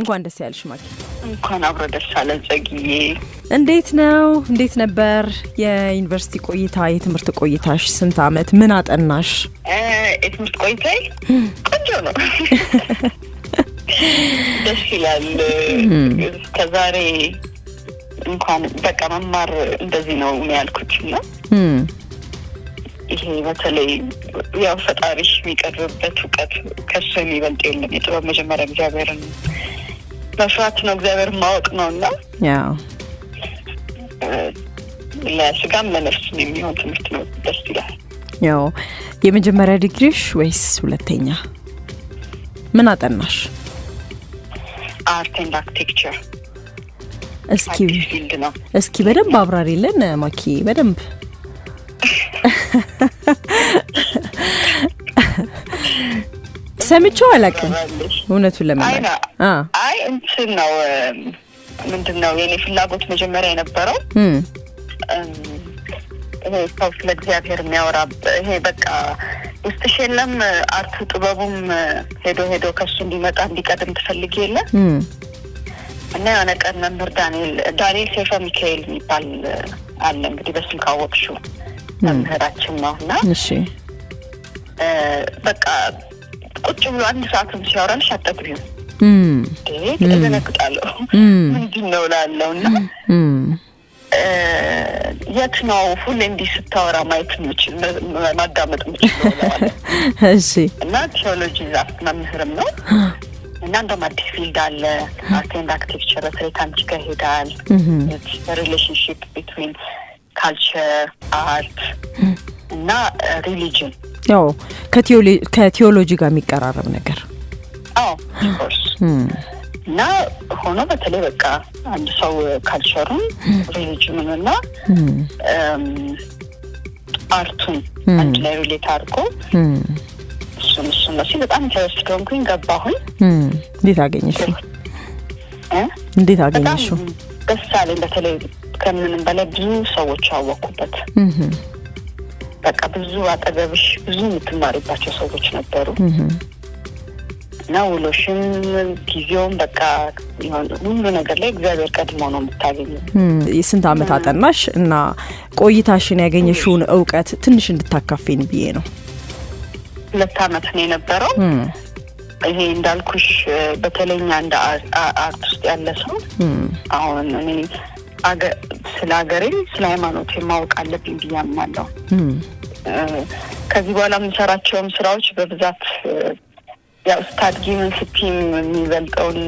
እንኳን ደስ ያለሽ ማኪ። እንኳን አብሮ ደስ አለን ጸግዬ። እንዴት ነው? እንዴት ነበር የዩኒቨርሲቲ ቆይታ፣ የትምህርት ቆይታሽ? ስንት አመት ምን አጠናሽ? የትምህርት ቆይታ ቆንጆ ነው፣ ደስ ይላል። ከዛሬ እንኳን በቃ መማር እንደዚህ ነው ያልኩት ነው ይሄ በተለይ ያው ፈጣሪሽ የሚቀርብበት እውቀት ከሱ የሚበልጥ የለም። የጥበብ መጀመሪያ እግዚአብሔርን መስራት ነው፣ እግዚአብሔር ማወቅ ነው እና ያው ለስጋም ለነፍስም የሚሆን ትምህርት ነው። ደስ ይላል። ያው የመጀመሪያ ዲግሪሽ ወይስ ሁለተኛ? ምን አጠናሽ? አርት ኤንድ አርክቴክቸር። እስኪ እስኪ በደንብ አብራሪልን ማኪ፣ በደንብ ሰምቼው አላውቅም እውነቱን ለመናገር እንትን ነው ምንድን ነው የኔ ፍላጎት መጀመሪያ የነበረው ይሄ ሰው ስለ እግዚአብሔር የሚያወራ ይሄ በቃ ውስጥሽ የለም አርቱ ጥበቡም ሄዶ ሄዶ ከሱ እንዲመጣ እንዲቀድም ትፈልግ የለ እና የሆነ ቀን መምህር ዳንኤል ዳንኤል ሴፈ ሚካኤል የሚባል አለ እንግዲህ በስም ካወቅሹ መምህራችን ነው እና በቃ ቁጭ ብሎ አንድ ሰዓትም ሲያወራልሽ አጠግቢው ምንድን ነው እና የት ነው ሁሌ እንዲህ ስታወራ ማየት ማዳመጥ እና ቴዎሎጂ ዛፍ መምህርም ነው እና እንደውም አዲስ ፊልድ አለ አርት ኤንድ አርክቴክቸር በተለይ ከአንቺ ጋር ይሄዳል። ሪሌሽንሽፕ ቢትዊን ካልቸር አርት እና ሪሊጅን ያው ከቴዎሎጂ ጋር የሚቀራረብ ነገር አዎ hmm. hmm. እና ሆኖ በተለይ በቃ አንድ ሰው ካልቸሩን hmm. ሪሊጅኑን እና አርቱን አንድ ላይ ሪሌት አድርጎ እሱን እሱን ነው ሲል በጣም ኢንተረስት ከሆንኩኝ ገባሁኝ። እንዴት አገኘሹ እንዴት አገኘሹ ደስ አለኝ። በተለይ ከምንም በላይ ብዙ ሰዎች አወቅኩበት በቃ ብዙ አጠገብሽ ብዙ የምትማሪባቸው ሰዎች ነበሩ። እና ውሎሽም ጊዜውም በቃ ሁሉ ነገር ላይ እግዚአብሔር ቀድሞ ነው የምታገኘ። የስንት ዓመት አጠናሽ እና ቆይታሽን ያገኘሽውን እውቀት ትንሽ እንድታካፊን ብዬ ነው። ሁለት ዓመት ነው የነበረው። ይሄ እንዳልኩሽ በተለይኛ እንደ አርት ውስጥ ያለ ሰው አሁን እኔ ስለ ሀገሬ ስለ ሃይማኖት ማወቅ አለብኝ ብዬ ከዚህ በኋላ የምሰራቸውም ስራዎች በብዛት ያው ስታድጊ ምን ስትይ የሚበልጠውን